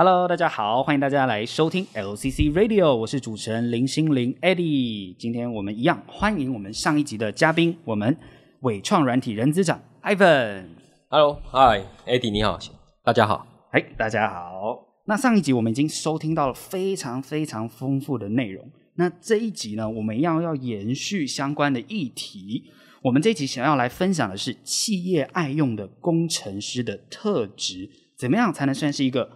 Hello，大家好，歡迎大家來收聽 LCC Radio，我是主持人林昕臨 Eddie。今天我們一樣歡迎我們上一集的嘉賓，我們偉創軟體人資長 Ivan。Hello，Hi，Eddie，你好，大家好，嘿，大家好。那上一集我們已經收聽到了非常非常豐富的內容，那這一集呢，我們要要延續相關的議題。我們這一集想要來分享的是企業愛用的工程師的特質，怎麼樣才能算是一個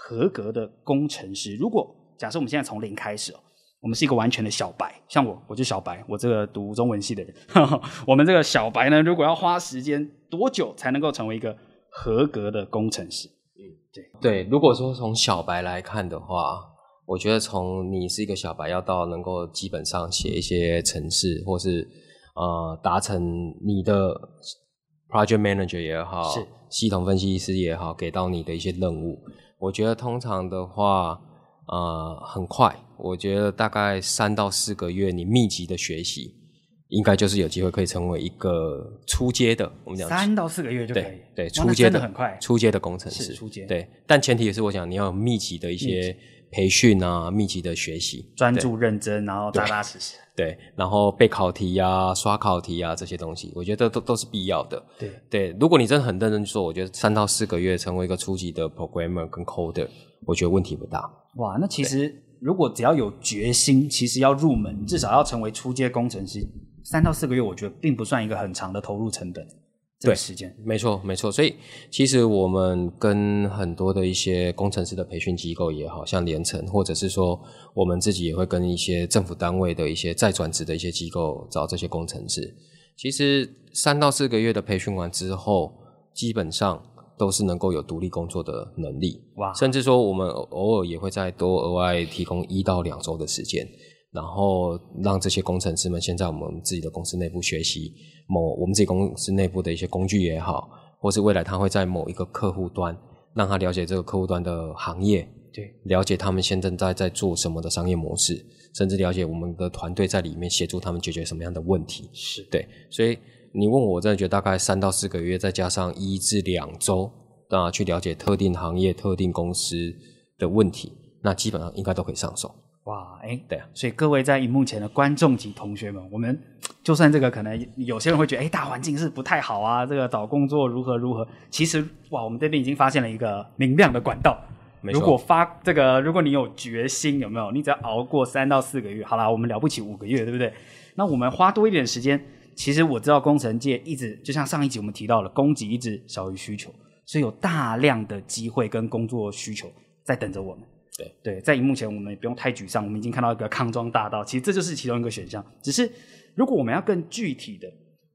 合格的工程師。如果假設我們現在從零開始哦，我們是一個完全的小白，像我，我就是小白，我這個讀中文系的人呵呵，我們這個小白呢，如果要花時間多久才能夠成為一個合格的工程師？嗯，對對。如果說從小白來看的話，我覺得從你是一個小白，要到能夠基本上寫一些程式，或是呃達成你的 project manager 也好，是系統分析師也好，給到你的一些任務。我覺得通常的話，呃很快。我覺得大概三到四個月，你密集的學習，應該就是有機會可以成為一個初階的。我們講三到四個月就可以，對，對初階的，的很快，初階的工程師，初階對，但前提也是，我想你要有密集的一些培訓啊，密集，密集的學習，專注認真，然後扎扎實實。對，然後備考題呀、啊、刷考題呀、啊、這些東西，我覺得都都是必要的。對對，如果你真的很認真做，我覺得三到四個月成為一個初級的 programmer 跟 coder，我覺得問題不大。哇，那其實如果只要有決心，其實要入門，至少要成為初階工程師，三到四個月，我覺得並不算一個很長的投入成本。對，這個時間，沒錯，沒錯。所以其實我們跟很多的一些工程師的培訓機構也好，像聯成或者是說我們自己也會跟一些政府單位的一些再轉職的一些機構找這些工程師。其實三到四個月的培訓完之後，基本上都是能夠有獨立工作的能力。哇！甚至說我們偶爾也會再多額外提供一到兩周的時間。然後讓這些工程師們先在我們自己的公司內部學習某我們自己公司內部的一些工具也好，或是未來他會在某一個客戶端，讓他了解這個客戶端的行業，對，了解他們現在在做什麼的商業模式，甚至了解我們的團隊在裡面協助他們解決什麼樣的問題。是對，所以你問我，我真的覺得大概三到四個月，再加上一至兩周啊，去了解特定行業、特定公司的問題，那基本上應該都可以上手。哇，哎、欸，對啊，所以各位在熒幕前的觀眾及同學們，我們就算這個可能有些人會覺得，哎、欸，大環境是不太好啊，這個找工作如何如何。其實，哇，我們這邊已經發現了一個明亮的管道。沒錯。如果發這個，如果你有決心，有沒有？你只要熬過三到四個月，好啦，我們了不起五個月，對不對？那我們花多一點時間。其實我知道工程界一直就像上一集我們提到了，供給一直小於需求，所以有大量的機會跟工作需求在等着我們。對，在螢幕前我們也不用太沮喪，我們已經看到一個康莊大道。其實這就是其中一個選項。只是如果我們要更具體的，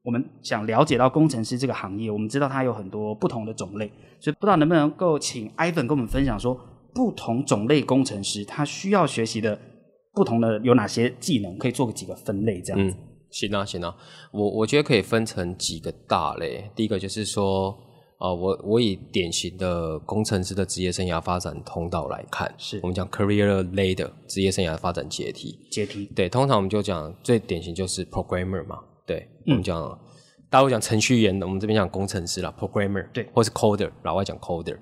我們想了解到工程師這個行業，我們知道它有很多不同的種類，所以不知道能不能夠請 Ivan 跟我們分享說，說不同種類工程師他需要學習的不同的有哪些技能，可以做個幾個分類這樣子。嗯、行啊行啊，我我覺得可以分成幾個大類，第一個就是說。啊、呃，我我以典型的工程師的職業生涯發展通道來看，是我們講 career ladder 職業生涯發展階梯。階梯對，通常我們就講最典型就是 programmer 嘛，嗯、對，我們講，大家會講程序員，我們這邊講工程師啦，programmer 對，或是 coder，老外講 coder，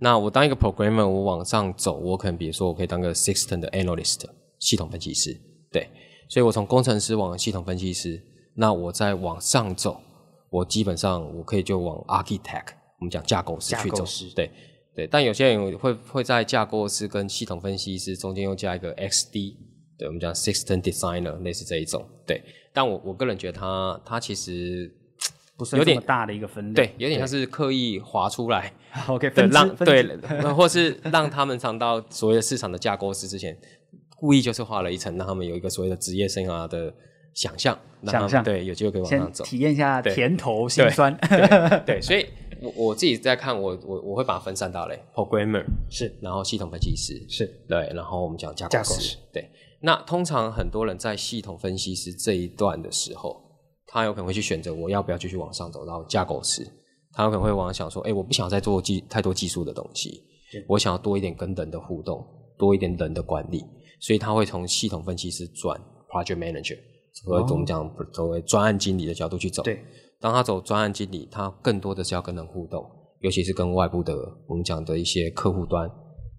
那我當一個 programmer，我往上走，我可能比如說我可以當個 system 的 analyst 系統分析師，對，所以我從工程師往系統分析師，那我再往上走。我基本上我可以就往 Architect，我們講架構師去走。對對，但有些人會會在架構師跟系統分析師中間又加一個 XD，對，我們講 System Designer 類似這一種。對，但我我個人覺得他他其實不是有點大的一個分類，對，有點像是刻意劃出來讓，OK，讓對，或是讓他們嘗到所謂的市場的架構師之前，故意就是畫了一層，讓他們有一個所謂的職業生涯的。想象，想象，對，有機會可以往上走，體驗一下甜頭辛酸。對，對對對，所以， 我我自己在看，我我我會把它分三大類，Programmer 是，然後系統分析師是對，然後我們講架構師，對。那通常很多人在系統分析師這一段的時候，他有可能會去選擇我要不要繼續往上走，然後架構師，他有可能會往上想說，哎、欸，我不想再做技太多技術的東西，我想要多一點跟人的互動，多一點人的管理，所以他會從系統分析師轉 Project Manager。所以我們講，作為專案經理的角度去走。Wow. 對，當他走專案經理，他更多的是要跟人互動，尤其是跟外部的我們講的一些客戶端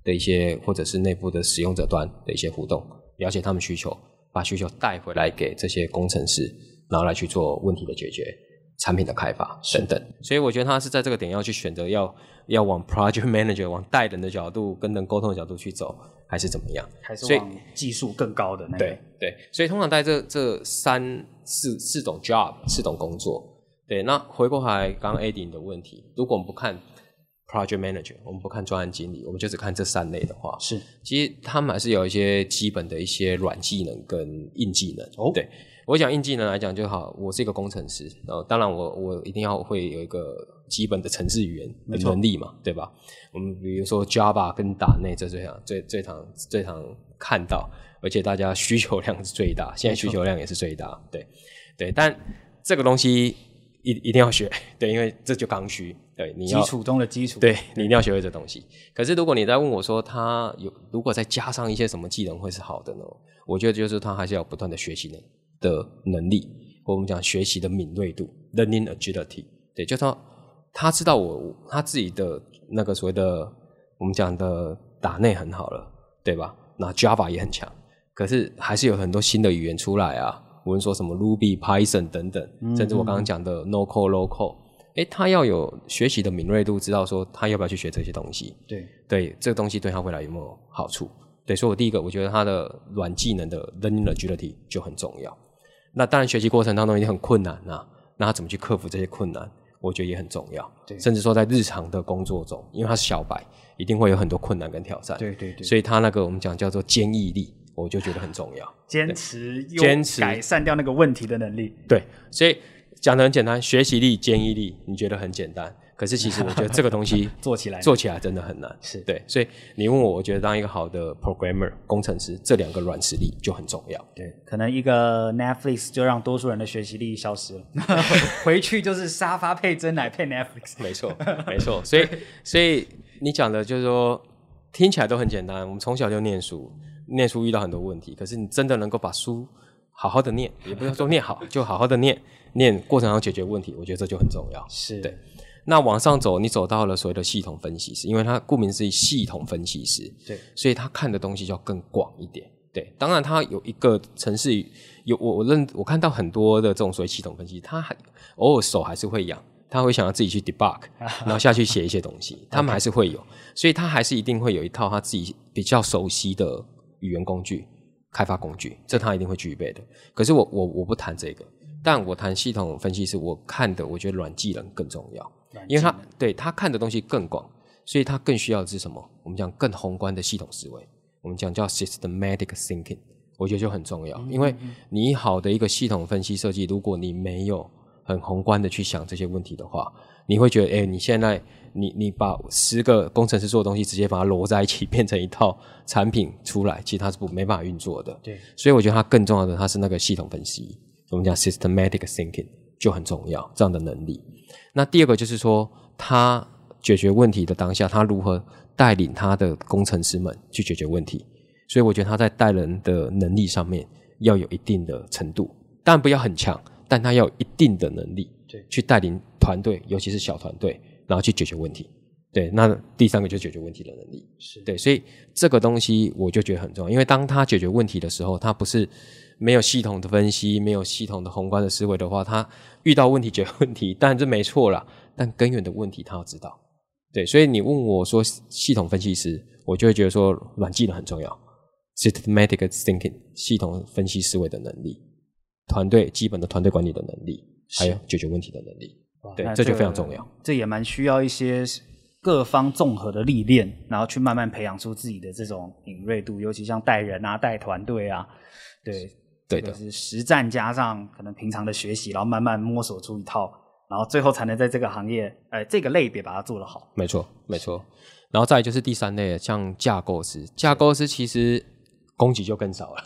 的一些，或者是內部的使用者端的一些互動，了解他們需求，把需求帶回來給這些工程師，然後來去做問題的解決。產品的開發等等，所以我覺得他是在這個點要去選擇，要要往 project manager、往帶人的角度、跟人溝通的角度去走，還是怎麼樣？還是所以往技術更高的那個？對對，所以通常在這這三四四種 job、四種工作，對。那回過來，剛剛 Eddie 的問題，如果我們不看 project manager，我們不看專案經理，我們就只看這三類的話，是其實他們還是有一些基本的一些軟技能跟硬技能哦，對。我想硬技能來講就好，我是一個工程師，然後當然我我一定要會有一個基本的程式語言能力嘛，對吧？我們比如說 Java 跟 .NET 這最常最最常最常看到，而且大家需求量是最大，現在需求量也是最大，對對。但這個東西一一定要學，對，因為這就剛需，對，你要基礎中的基礎，對你一定要學會這東西。可是如果你在問我說他有如果再加上一些什麼技能會是好的呢？我覺得就是他還是要不斷的學習呢。的能力，或我們講學習的敏銳度 （learning agility），對，就說、是、他，他知道我他自己的那個所謂的我們講的打內很好了，對吧？那 Java 也很強，可是還是有很多新的語言出來啊。無論說什麼 Ruby、Python 等等嗯嗯，甚至我剛剛講的 NoCode、LowCode 哎，他要有學習的敏銳度，知道說他要不要去學這些東西。對，對，這個東西對他未來有沒有好處？對，所以我第一個，我覺得他的軟技能的 learning agility 就很重要。那當然，學習過程當中一定很困難吶、啊。那他怎麼去克服這些困難？我覺得也很重要。對，甚至說在日常的工作中，因為他是小白，一定會有很多困難跟挑戰。對對對，所以他那個我們講叫做堅毅力，我就覺得很重要。堅持用，堅持改善掉那個問題的能力。對，所以講的很簡單，學習力、堅毅力，你覺得很簡單？可是，其實我覺得這個東西 做起來做起來真的很難。是對，所以你問我，我覺得當一個好的 programmer 工程師，這兩個軟實力就很重要。對，可能一個 Netflix 就讓多數人的學習力消失了， 回去就是沙發配珍奶配 Netflix。 沒錯，沒錯。所以，所以你講的就是說，聽起來都很簡單。我們從小就念書，念書遇到很多問題。可是，你真的能夠把書好好的念，也不是說，說念好，就好好的念，念過程上解決問題，我覺得這就很重要。是對。那往上走，你走到了所謂的系統分析師，因為他顧名思義，系統分析師，對，所以他看的東西就要更廣一點，對。當然，他有一個程式，有我我認，我看到很多的這種所謂系統分析師，他還偶爾手還是會癢，他會想要自己去 debug，然後下去寫一些東西， 他們還是會有，所以他還是一定會有一套他自己比較熟悉的語言工具、開發工具，這他一定會具備的。可是我我我不談這個，但我談系統分析師，我看的我覺得軟技能更重要。因為他對他看的東西更廣，所以他更需要的是什麼？我們講更宏觀的系統思維，我們講叫 systematic thinking，我覺得就很重要。因為你好的一個系統分析設計，如果你沒有很宏觀的去想這些問題的話，你會覺得，哎，你現在你你把十個工程師做的東西直接把它摞在一起變成一套產品出來，其實它是不沒辦法運作的。對，所以我覺得它更重要的，它是那個系統分析，我們講 systematic thinking 就很重要，這樣的能力。那第二個就是說，他解決問題的當下，他如何帶領他的工程師們去解決問題？所以我覺得他在帶人的能力上面要有一定的程度，當然不要很強，但他要有一定的能力，去帶領團隊，尤其是小團隊，然後去解決問題。對，那第三個就是解決問題的能力，對，所以這個東西我就覺得很重要，因為當他解決問題的時候，他不是。沒有系統的分析，沒有系統的宏觀的思維的話，他遇到問題解決問題，當然這沒錯啦。但根源的問題他要知道，對。所以你問我說系統分析師，我就會覺得說軟技能很重要，systematic thinking 系統分析思維的能力，團隊基本的團隊管理的能力，還有解決問題的能力，哦、對、這個，這就非常重要。這也蠻需要一些各方綜合的歷練，然後去慢慢培養出自己的這種敏銳度，尤其像帶人啊、帶團隊啊，對。就、這個、是實戰加上可能平常的學習，然後慢慢摸索出一套，然後最後才能在這個行業，呃，這個類別把它做得好。沒錯，沒錯。然後再就是第三類，像架構師，架構師其實供給就更少了，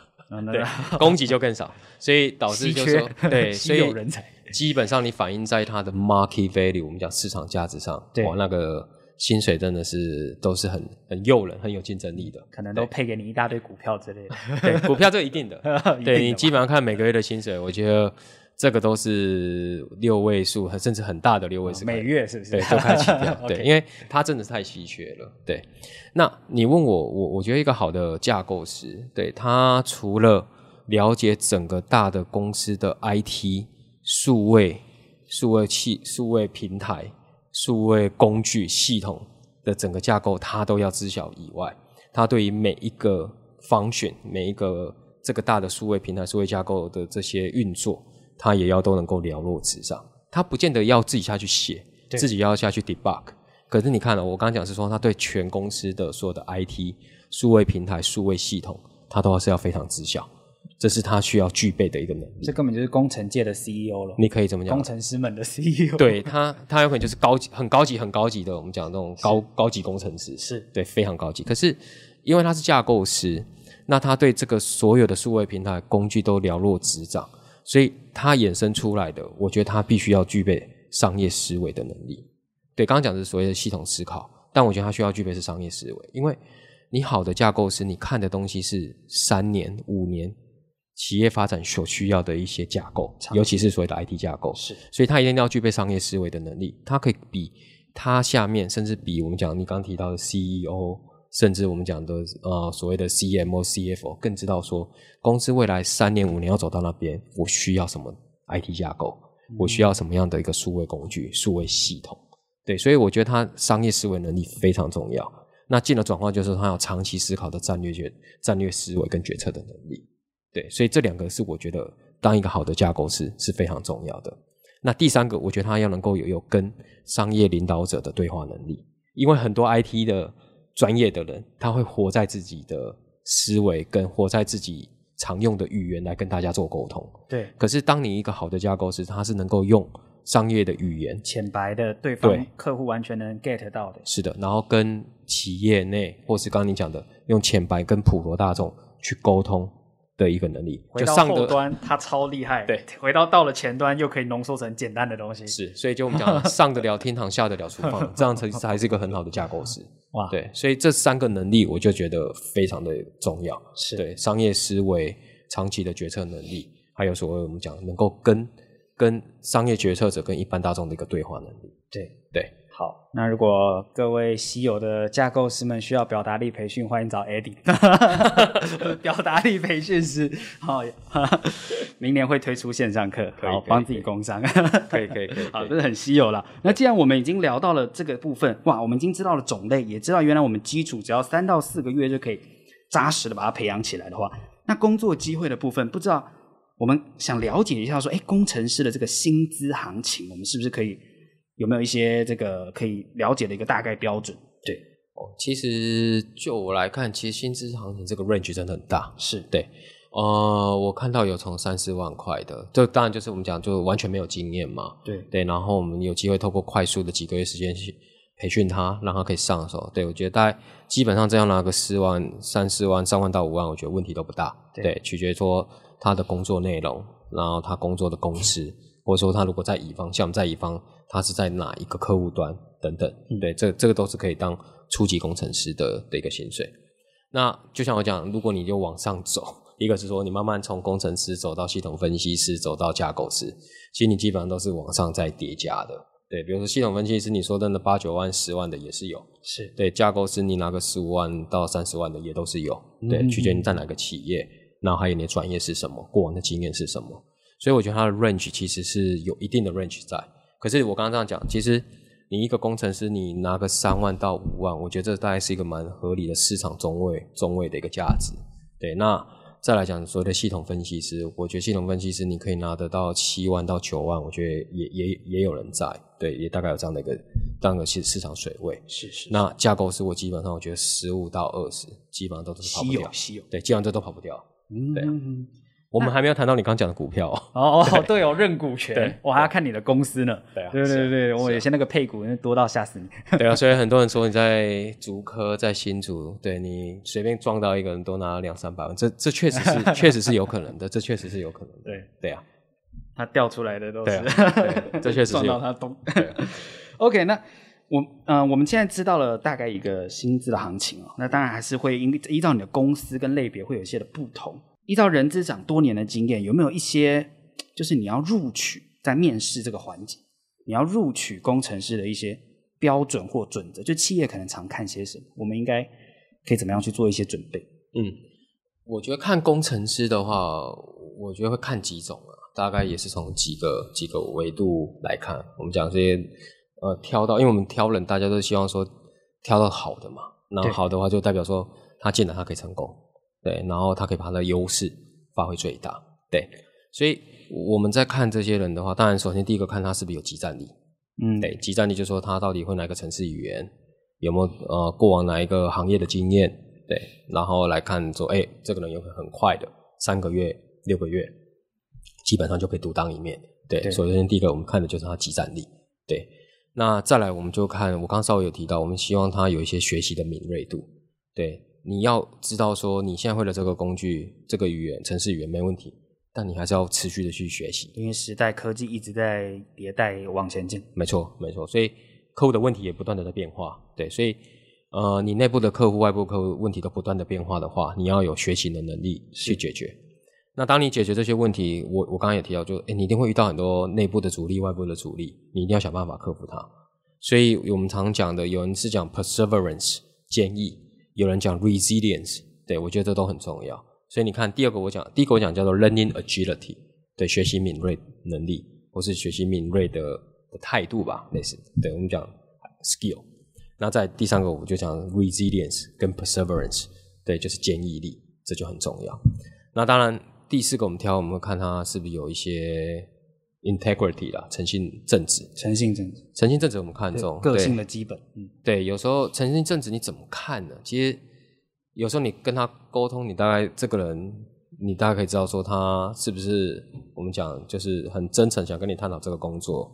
對，供給就更少，所以導致就是，對，稀有人才。基本上你反映在它的 market value，我們講市場價值上，往那個。薪水真的是都是很很誘人、很有競爭力的，可能都配給你一大堆股票之類的。對， 對股票就一定的， 對 的你基本上看每個月的薪水， 我覺得這個都是六位數， 甚至很大的六位數。每月是不是？對， 都開股票， 對，因為它真的是太稀缺了。對， 那你問我，我我覺得一個好的架構師，對他除了了解整個大的公司的 IT 數位數位器數位平台。數位工具系統的整個架構，他都要知曉以外，他對於每一個 function、每一個這個大的數位平台、數位架構的這些運作，他也要都能夠了如指掌。他不見得要自己下去寫，自己要下去 debug。可是你看了、喔、我剛剛講是說，他對全公司的所有的 IT 數位平台、數位系統，他都是要非常知曉。這是他需要具備的一個能力。這根本就是工程界的 CEO 了。你可以怎麼講？工程師們的 CEO。對，他，他有可能就是高級、很高級、很高級的。我們講那種高、高級工程師。是。對，非常高級。可是因為他是架構師，那他對這個所有的數位平台工具都了若指掌，所以他衍生出來的，我覺得他必須要具備商業思維的能力。對，剛剛講的是所謂的系統思考，但我覺得他需要具備是商業思維，因為你好的架構師，你看的東西是三年、五年。企業發展所需要的一些架構，尤其是所謂的 IT 架構，是，所以他一定要具備商業思維的能力。他可以比他下面，甚至比我們講你剛提到的 CEO，甚至我們講的呃所謂的 CMO、CFO，更知道說公司未來三年五年要走到那邊，我需要什麼 IT 架構、嗯，我需要什麼樣的一個數位工具、數位系統。對，所以我覺得他商業思維能力非常重要。那進了轉化就是他要長期思考的戰略決戰略思維跟決策的能力。對，所以這兩個是我覺得當一個好的架構師是非常重要的。那第三個，我覺得他要能夠有有跟商業領導者的對話能力，因為很多 IT 的專業的人，他會活在自己的思維跟活在自己常用的語言來跟大家做溝通。對，可是當你一個好的架構師，他是能夠用商業的語言、淺白的對方客戶完全能 get 到的。是的，然後跟企業內或是剛剛你講的用淺白跟普羅大眾去溝通的一個能力，就上端它超厲害，對，回到到了前端又可以濃縮成簡單的東西，是，所以就我們講上得了天堂， 下得了廚房， 這樣才還是一個很好的架構師， 哇，對，所以這三個能力我就覺得非常的重要，是對商業思維、長期的決策能力，還有所謂我們講能夠跟跟商業決策者跟一般大眾的一個對話能力，對對。好，那如果各位稀有的架構師們需要表達力培訓，歡迎找 Eddie 表達力培訓師，好，明年會推出線上課，幫自己工商。可以可以可以，好，這是很稀有了。那既然我們已經聊到了這個部分，哇，我們已經知道了種類，也知道原來我們基礎只要三到四個月就可以扎實的把它培養起來的話，那工作機會的部分，不知道我們想了解一下，說，哎、欸，工程師的這個薪資行情，我們是不是可以？有沒有一些這個可以了解的一個大概標準？對哦，其實就我來看，其實薪資行情這個 range 真的很大。是，對，呃，我看到有從三四萬塊的，這當然就是我們講就完全沒有經驗嘛。對對，然後我們有機會透過快速的幾個月時間去培訓他，讓他可以上手。對，我覺得大概基本上這樣拿個四萬、三四萬、三萬到五萬，我覺得問題都不大。對，對取決說他的工作內容，然後他工作的公司、嗯，或者說他如果在乙方，像我們在乙方。它是在哪一個客戶端等等，嗯、對，這這個都是可以當初級工程師的的一個薪水。那就像我講，如果你就往上走，一個是說你慢慢從工程師走到系統分析師，走到架構師，其實你基本上都是往上再疊加的。對，比如說系統分析師你說的那八九萬、十萬的也是有，是，對，架構師你拿個十五萬到三十萬的也都是有，嗯，對，取決於你在哪個企業，然後還有你的專業是什麼，過往的經驗是什麼。所以我覺得它的 range 其實是有一定的 range 在。可是我剛剛這樣講，其實你一個工程師，你拿個三萬到五萬，我覺得這大概是一個蠻合理的市場中位、中位的一個價值。對，那再來講所謂的系統分析師，我覺得系統分析師你可以拿得到七萬到九萬，我覺得也也也有人在，對，也大概有這樣的一個這樣的市市場水位。是是是。那架構師，我基本上我覺得十五到二十，基本上都是跑不掉，對，基本上這都跑不掉。嗯，對啊。 我們還沒有談到你剛剛講的股票哦哦、oh, oh, 對哦，認股權，我還要看你的公司呢。對啊，對對對、啊、我有些那個配股，因為多到嚇死你。啊 對啊，所以很多人說你在竹科在新竹，對你隨便撞到一個人都拿了兩三百萬，這這確實是確實是有可能的， 這確實是有可能的。對對啊，他掉出來的都是，對啊對啊、 這確實是撞到他咚。OK，那我啊、呃，我們現在知道了大概一個薪資的行情哦。那當然還是會依依照你的公司跟類別會有一些的不同。依照人資長多年的經驗，有沒有一些就是你要錄取，在面試這個環節，你要錄取工程師的一些標準或準則？就企業可能常看些什麼？我們應該可以怎麼樣去做一些準備？嗯，我覺得看工程師的話，我覺得會看幾種啊，大概也是從幾個、嗯、幾個維度來看。我們講這些呃，挑到，因為我們挑人，大家都希望說挑到好的嘛。那好的話，就代表說他進來，他可以成功。對，然後他可以把他的優勢發揮最大。對，所以我們在看這些人的話，當然首先第一個看他是不是有即戰力。嗯，對，即戰力就是說他到底會哪個程式語言，有沒有呃過往哪一個行業的經驗？對，然後來看說，哎、欸，這個人有可能很快的三個月、六個月，基本上就可以獨當一面。對，首先第一個我們看的就是他即戰力。對，那再來我們就看，我剛剛稍微有提到，我們希望他有一些學習的敏銳度。對。你要知道，說你現在會的這個工具、這個語言、程式語言沒問題，但你還是要持續的去學習，因為時代科技一直在迭代往前進。沒錯，沒錯。所以客戶的問題也不斷的在變化，對，所以呃，你內部的客戶、外部客戶問題都不斷的變化的話，你要有學習的能力去解決。那當你解決這些問題，我我剛剛也提到就，就誒，你一定會遇到很多內部的阻力、外部的阻力，你一定要想辦法克服它。所以我們常講的，有人是講 perseverance 堅毅。有人講 resilience，對，我覺得這都很重要。所以你看第二個我講，第一個我講叫做 learning agility，對，學習敏銳能力，或是學習敏銳的態度吧，類似。對我們講 skill。那在第三個我就講 resilience 跟 perseverance，對，就是堅毅力，這就很重要。那當然第四個我們挑，我們會看它是不是有一些。Integrity 啦，誠信正直，誠信正直，誠信正直，我們看重個性的基本。嗯，對，有時候誠信正直你怎麼看呢？其實有時候你跟他溝通，你大概這個人，你大概可以知道說他是不是我們講就是很真誠，想跟你探討這個工作，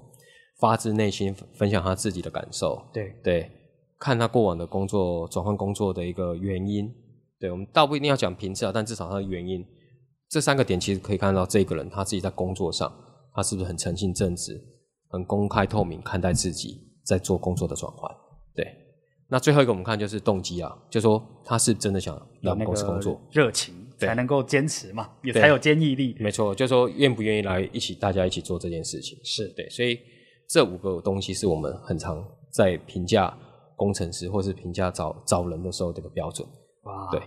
發自內心分享他自己的感受。對對，看他過往的工作轉換工作的一個原因。對，我們倒不一定要講評測，但至少他的原因，這三個點其實可以看到這個人他自己在工作上。他是不是很誠信正直，很公開透明看待自己在做工作的轉換？對，那最後一個我們看就是動機啊，就說他是真的想讓公司工作，熱情才能夠堅持嘛，也才有堅毅力。沒錯，就是說願不願意來一起，嗯，大家一起做這件事情。是對，所以這五個東西是我們很常在評價工程師或是評價找找人的時候的一個標準。哇，對，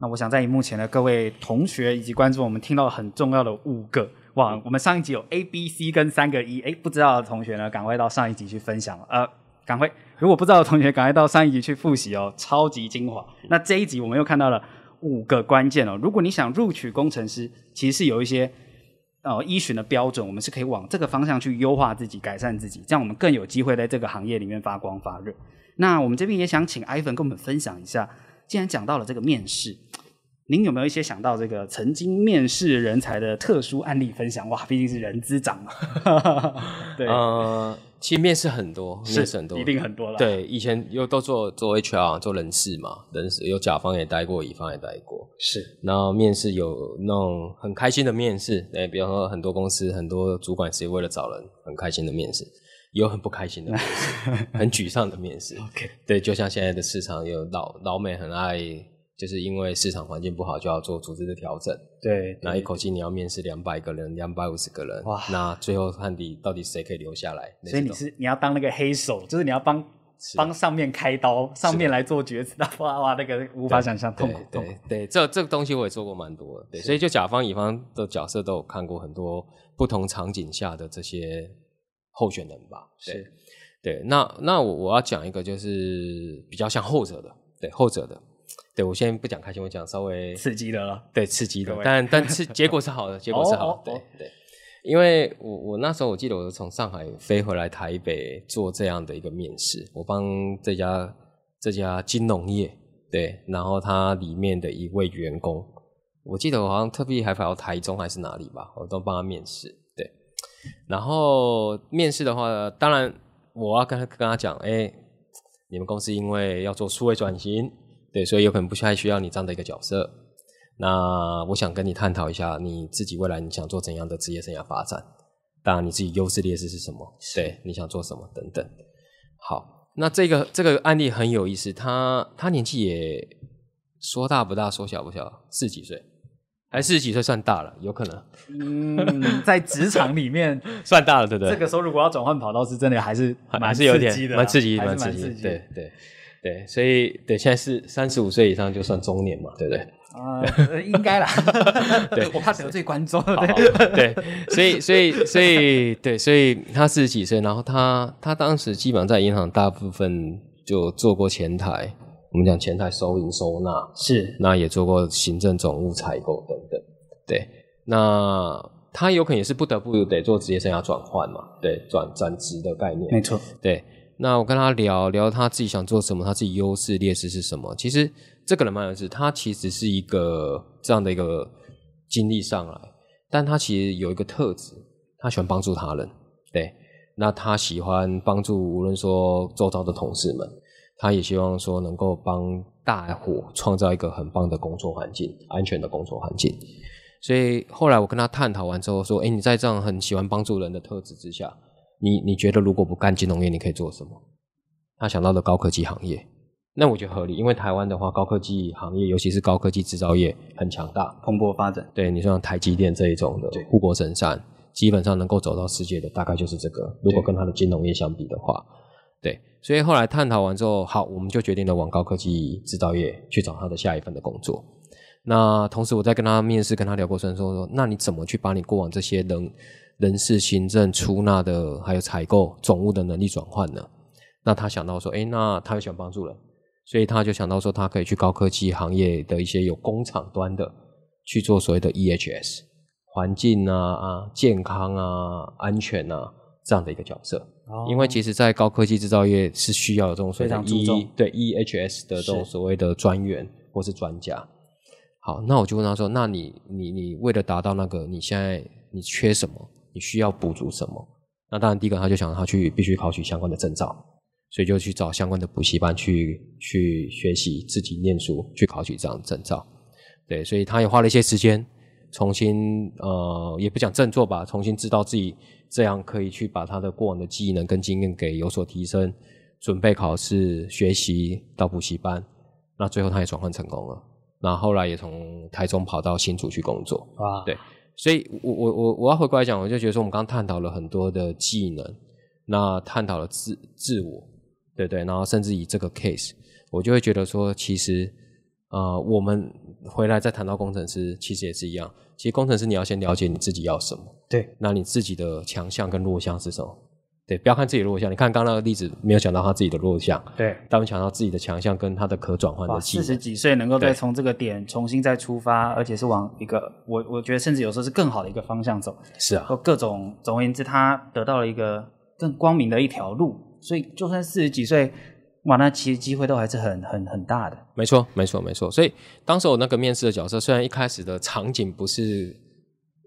那我想在你目前的各位同學以及觀眾，我們聽到很重要的五個。往，我們上一集有 A、B、C 跟三個一，哎，不知道的同學呢，趕快到上一集去分享呃，趕快，如果不知道的同學，趕快到上一集去複習哦，超級精華。那這一集我們又看到了五個關鍵哦。如果你想入取工程師，其實是有一些哦，依、呃、循的標準，我們是可以往這個方向去優化自己、改善自己，這樣我們更有機會在這個行業裡面發光發熱。那我們這邊也想請 Ivan 跟我們分享一下，既然講到了這個面試。您有沒有一些想到這個曾經面試人才的特殊案例分享？哇，畢竟是人資長嘛， 對，嗯、呃，其實面試很多，是，面試很多，一定很多啦。對，以前又都做做 HR 做人事嘛，人事有甲方也待過，乙方也待過，是。然後面試有那種很開心的面試，誒、欸，比方說很多公司很多主管是為了找人很開心的面試，也有很不開心的面試， 很沮喪的面試。OK，對，就像現在的市場有老老美很愛。就是因為市場環境不好，就要做組織的調整。對，那一口氣你要面試兩百個人，兩百五十個人，哇！那最後看你到底誰可以留下來。所以你是你要當那個黑手，就是你要幫幫上面開刀，上面來做決策，哇哇那個無法想象對痛苦，痛苦。對對、對、對，這這個東西我也做過蠻多的。對，所以就甲方乙方的角色都有看過很多不同場景下的這些候選人吧。對對、對，那那我我要講一個就是比較像後者的，對後者的。對，我先不講開心，我講稍微刺激的了。對，刺激的，但但是結果是好的，結果是好的。哦哦對，對，因為我我那時候我記得我是從上海飛回來台北做這樣的一個面試，我幫這家這家金融業對，然後他裡面的一位員工，我記得我好像特別還跑到台中還是哪裡吧，我都幫他面試。對，然後面試的話，當然我要跟他跟他講，哎，你們公司因為要做數位轉型。對，所以有可能不太需，需要你這樣的一個角色。那我想跟你探討一下，你自己未來你想做怎樣的職業生涯發展？當然，你自己優勢劣勢是什麼？對，你想做什麼？等等。好，那這個這個案例很有意思。他他年紀也說大不大，說小不小，四十幾歲，還四十幾歲算大了，有可能。嗯，在職場裡面 算大了，對不對？這個時候如果要轉換跑道，是真的還是還是有點蠻刺激的，的，蠻刺激，蠻刺激的，對對。對。對，所以對，現在是三十五歲以上就算中年嘛，嗯、對不對？啊、呃，應該啦。 對，我怕得罪觀眾。對，所以，所以，所以，對，所以他四十幾歲，然後他他當時基本上在銀行大部分就做過前台，我們講前台收銀、收納，是，那也做過行政、總務、採購等等。對，那他有可能也是不得不得做職業生涯轉換嘛？對，轉轉職的概念。沒錯。對。那我跟他聊聊他自己想做什麼，他自己優勢劣勢是什麼？其實這個人蠻有意思，他其實是一個這樣的一個經歷上來，但他其實有一個特質，他喜歡幫助他人。對，那他喜歡幫助無論說周遭的同事們，他也希望說能夠幫大夥創造一個很棒的工作環境，安全的工作環境。所以後來我跟他探討完之後說，哎、欸，你在這樣很喜歡幫助人的特質之下，你你覺得，如果不幹金融業，你可以做什麼？他想到的高科技行業，那我覺得合理，因為台灣的話，高科技行業，尤其是高科技製造業，很強大，蓬勃發展。對，你說像台積電這一種的護國神山，基本上能夠走到世界的，大概就是這個。如果跟他的金融業相比的話，對，對。所以後來探討完之後，好，我們就決定了往高科技製造業去找他的下一份的工作。那同時我在跟他面試，跟他聊過程中，說說，那你怎麼去把你過往這些人、人事、行政、出納的，還有採購、總務的能力轉換呢？那他想到說，哎、欸，那他又想幫助了，所以他就想到說，他可以去高科技行業的一些有工廠端的去做所謂的 EHS 環境啊、啊健康啊、安全啊這樣的一個角色。哦、因為其實，在高科技制造業是需要有這種所謂的 E 對 EHS 的這種所謂的專員或是專家是。好，那我就問他說，那你你你為了達到那個，你現在你缺什麼？你需要補足什麼？那當然，第一個他就想他去必須考取相關的證照，所以就去找相關的補習班去去學習，自己念書去考取這樣的證照。對，所以他也花了一些時間，重新呃，也不講振作吧，重新知道自己這樣可以去把他的過往的技能跟經驗給有所提升，準備考試，學習到補習班。那最後他也轉換成功了，那後來也從台中跑到新竹去工作。啊，對。所以我我我我要回過來講，我就覺得說我們剛探討了很多的技能，那探討了自自我，對對，然後甚至以這個 case，我就會覺得說，其實，呃，我們回來再談到工程師，其實也是一樣。其實工程師你要先了解你自己要什麼，對，那你自己的強項跟弱項是什麼？對，不要看自己弱項，你看剛剛那個例子，沒有講到他自己的弱項，對，他們講到自己的強項跟他的可轉換的技能。四十幾歲能夠再從這個點重新再出發，而且是往一個我我覺得甚至有時候是更好的一個方向走。是啊，各種，總而言之，他得到了一個更光明的一條路，所以就算四十幾歲，哇，那其實機會都還是很很很大的。沒錯，沒錯，沒錯。所以當時我那個面試的角色，雖然一開始的場景不是。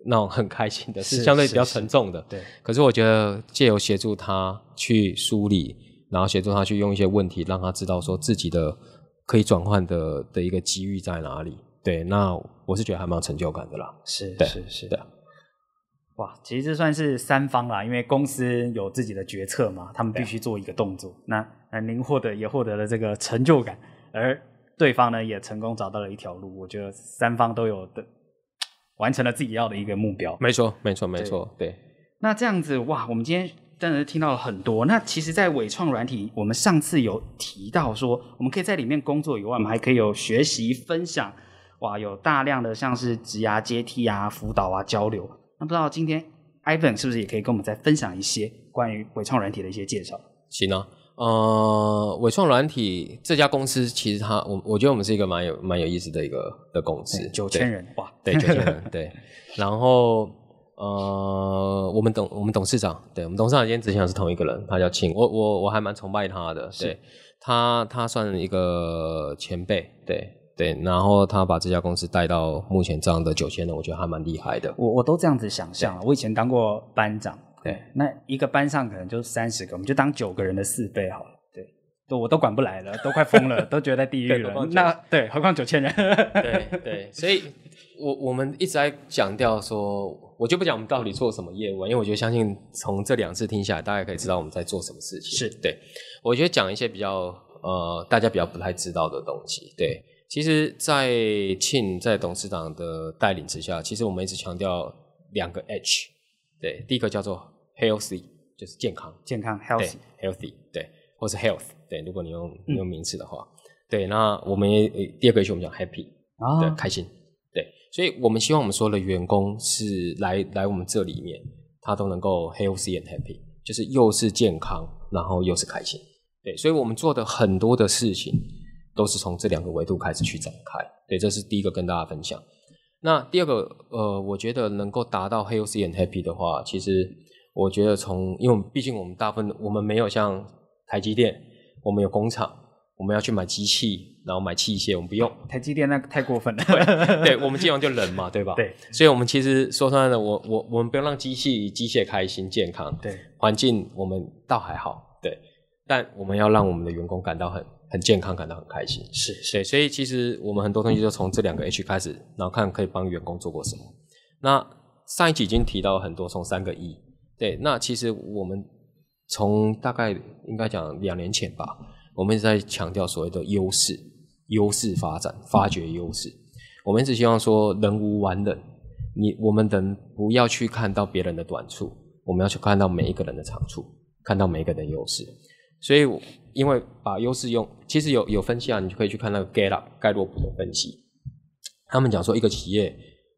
那種很開心的是,是相對比較沉重的，對。可是我覺得借由協助他去梳理，然後協助他去用一些問題，讓他知道說自己的可以轉換的的一個機遇在哪裡。對，那我是覺得還蠻有成就感的啦。是，是，是的。哇，其實這算是三方啦，因為公司有自己的決策嘛，他們必須做一個動作。那那您獲得也獲得了這個成就感，而對方呢也成功找到了一條路。我覺得三方都有的。完成了自己要的一個目標，沒錯，沒錯，沒錯，對。對那這樣子哇，我們今天真的是聽到了很多。那其實，在緯創軟體，我們上次有提到說，我們可以在裡面工作以外，我們還可以有學習分享。哇，有大量的像是職涯、啊、階梯啊、輔導啊、交流。那不知道今天 Ivan 是不是也可以跟我們再分享一些關於緯創軟體的一些介紹？行呢、啊呃，緯創軟體這家公司，其實他，我我覺得我們是一個蠻有蠻有意思的一個的公司，九千人，嗯，哇，對九千人對。 然後呃，我們董我們董事長，對我們董事長跟執行長是同一個人，他叫慶，我我我還蠻崇拜他的，是對，他他算一個前輩，對對。然後他把這家公司帶到目前這樣的九千人，我覺得還蠻厲害的。我我都這樣子想象了，我以前當過班長。對，那一個班上可能就三十個，我們就當九個人的四倍好了。對，都我都管不來了，都快瘋了， 都覺得在地獄了。對，那對，何況九千人？ 對對，所以我我們一直在強調說，我就不講我們到底做什麼業務，因為我覺得相信從這兩次聽下來，大家可以知道我們在做什麼事情。是對，我覺得講一些比較呃大家比較不太知道的東西。對，其實，在慶在董事長的帶領之下，其實我們一直強調兩個 H。對，第一個叫做 healthy，就是健康，健康 healthy，healthy，對，對，或是 health，對，如果你用、嗯、用名詞的話，對，那我們也第二個是我們講 happy，、哦、對，開心，對，所以我們希望我們說的員工是來來我們這裡面，他都能夠 healthy and happy，就是又是健康，然後又是開心，對，所以我們做的很多的事情都是從這兩個維度開始去展開，對，這是第一個跟大家分享。那第二個，呃，我覺得能夠達到 healthy and happy 的話，其實我覺得從，因為畢竟我們大部分我們沒有像台積電，我們有工廠，我們要去買機器，然後買器械，我們不用。台積電那個太過分了對 對。對，我們基本上就人嘛，對吧？對，所以我們其實說穿了，我我我們不要讓機器、機械開心、健康。對，環境我們倒還好，對，但我們要讓我們的員工感到很。很健康，感到很開心。是，是，所以其實我們很多東西就從這兩個 H 開始，然後看可以幫員工做過什麼。那上一集已經提到很多，從三個 E。對，那其實我們從大概應該講兩年前吧，我們一直在強調所謂的優勢，優勢發展，發掘優勢。嗯。我們一直希望說，人無完人，你我們人不要去看到別人的短處，我們要去看到每一個人的長處，看到每一個人的優勢。所以，因為把優勢用，其實有有分析啊，你就可以去看那個蓋拉蓋洛普的分析，他們講說一個企業。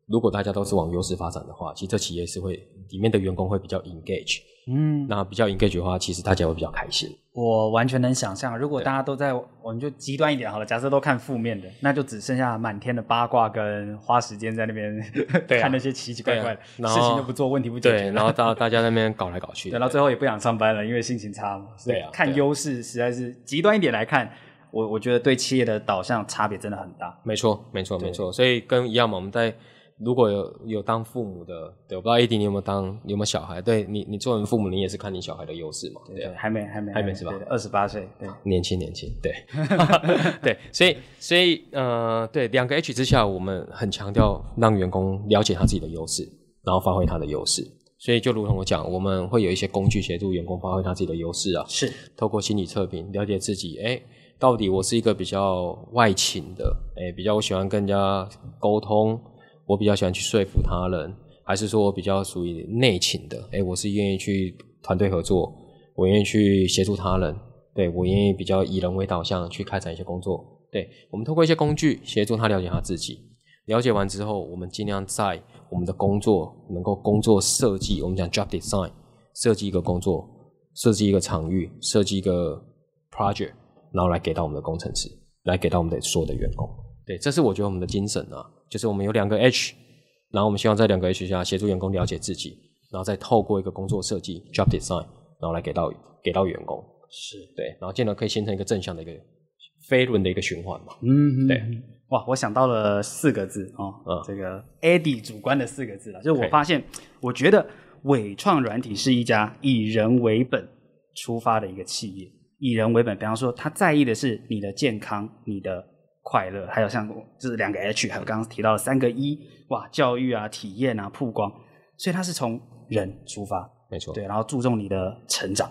如果大家都是往優勢發展的話，其實這企業是會裡面的員工會比較 engage，嗯，那比較 engage 的話，其實大家會比較開心。我完全能想象，如果大家都在，我們就極端一點好了，假設都看負面的，那就只剩下滿天的八卦跟花時間在那邊，對啊， 看那些奇奇怪怪的、啊，事情都不做，問題不解決，對，然後大大家那邊搞來搞去，等 到最後也不想上班了，因為心情差嘛，是對啊。看優勢實在是極端一點來看，我我覺得對企業的導向差別真的很大。沒錯，沒錯，沒錯，所以跟一樣嘛，我們在。如果有有當父母的，對，我不知道 Eddie 你有沒有當，你有沒有小孩？對你，你作為父母，你也是看你小孩的優勢嘛？對，對，對，對，啊，還沒，還沒，還沒是吧？二十八歲，年輕，年輕，對，年輕，年輕，對， 對，所以，所以，呃，對，兩個 H 之下，我們很強調讓員工了解他自己的優勢，然後發揮他的優勢。所以，就如同我講，我們會有一些工具協助員工發揮他自己的優勢啊。是，透過心理測評了解自己，誒、欸、到底我是一個比較外傾的，誒、欸、比較我喜歡跟人家溝通。我比較喜歡去說服他人，還是說我比較屬於內勤的？誒、欸，我是願意去團隊合作，我願意去協助他人，對，我願意比較以人為導向去開展一些工作。對，我們通過一些工具協助他了解他自己，了解完之後，我們盡量在我們的工作能夠工作設計，我們講 job design，設計一個工作，設計一個場域，設計一個 project，然後來給到我們的工程師，來給到我們的所有的員工。對，這是我覺得我們的精神啊。就是我們有兩個 H，然後我們希望在兩個 H 下協助員工了解自己，然後再透過一個工作設計 job design，然後來給到給到員工，是對，然後進而可以形成一個正向的一個飛輪的一個循環嘛？嗯，對。嗯嗯、哇，我想到了四個字哦、嗯，這個 Eddie 主觀的四個字啊，就是我發現，我覺得緯創軟體是一家以人為本出發的一個企業，以人為本，比方說他在意的是你的健康，你的。快樂，還有像就是兩個 H，還有剛剛提到的三個 E，哇，教育啊、體驗啊、曝光，所以它是從人出發，沒錯，對，然後注重你的成長。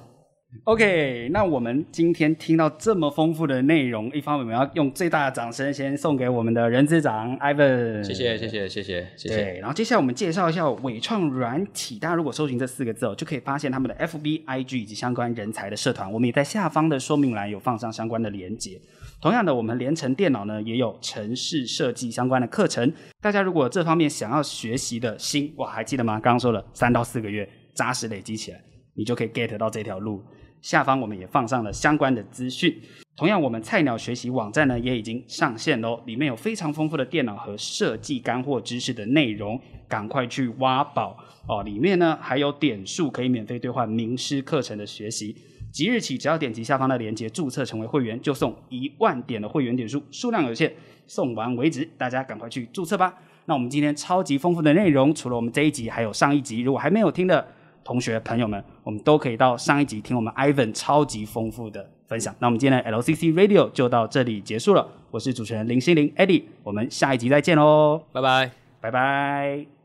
OK，那我們今天聽到這麼豐富的內容，一方面我們要用最大的掌聲先送給我們的人資長 Ivan，謝謝謝謝謝謝謝謝。然後接下來我們介紹一下緯創軟體，大家如果搜尋這四個字哦，就可以發現他們的 FBIG 以及相關人才的社團，我們也在下方的說明欄有放上相關的連接。同樣的，我們聯成電腦呢也有程式設計相關的課程，大家如果這方面想要學習的心，我還記得嗎？剛剛說了三到四個月扎實累積起來，你就可以 get 到這條路。下方我們也放上了相關的資訊。同樣，我們菜鳥學習網站呢也已經上線嘍，裡面有非常豐富的電腦和設計乾貨知識的內容，趕快去挖寶哦！裡面呢還有點數可以免費兌換名師課程的學習。即日起，只要點擊下方的鏈接注冊成為會員，就送一萬點的會員點數，數量有限，送完為止，大家趕快去注冊吧。那我們今天超級豐富的內容，除了我們這一集，還有上一集，如果還沒有聽的。同學朋友們，我們都可以到上一集聽我們 Ivan 超級豐富的分享。那我們今天的 LCC Radio 就到這裡結束了，我是主持人林昕臨 Eddie，我們下一集再見嘍，拜拜，拜拜。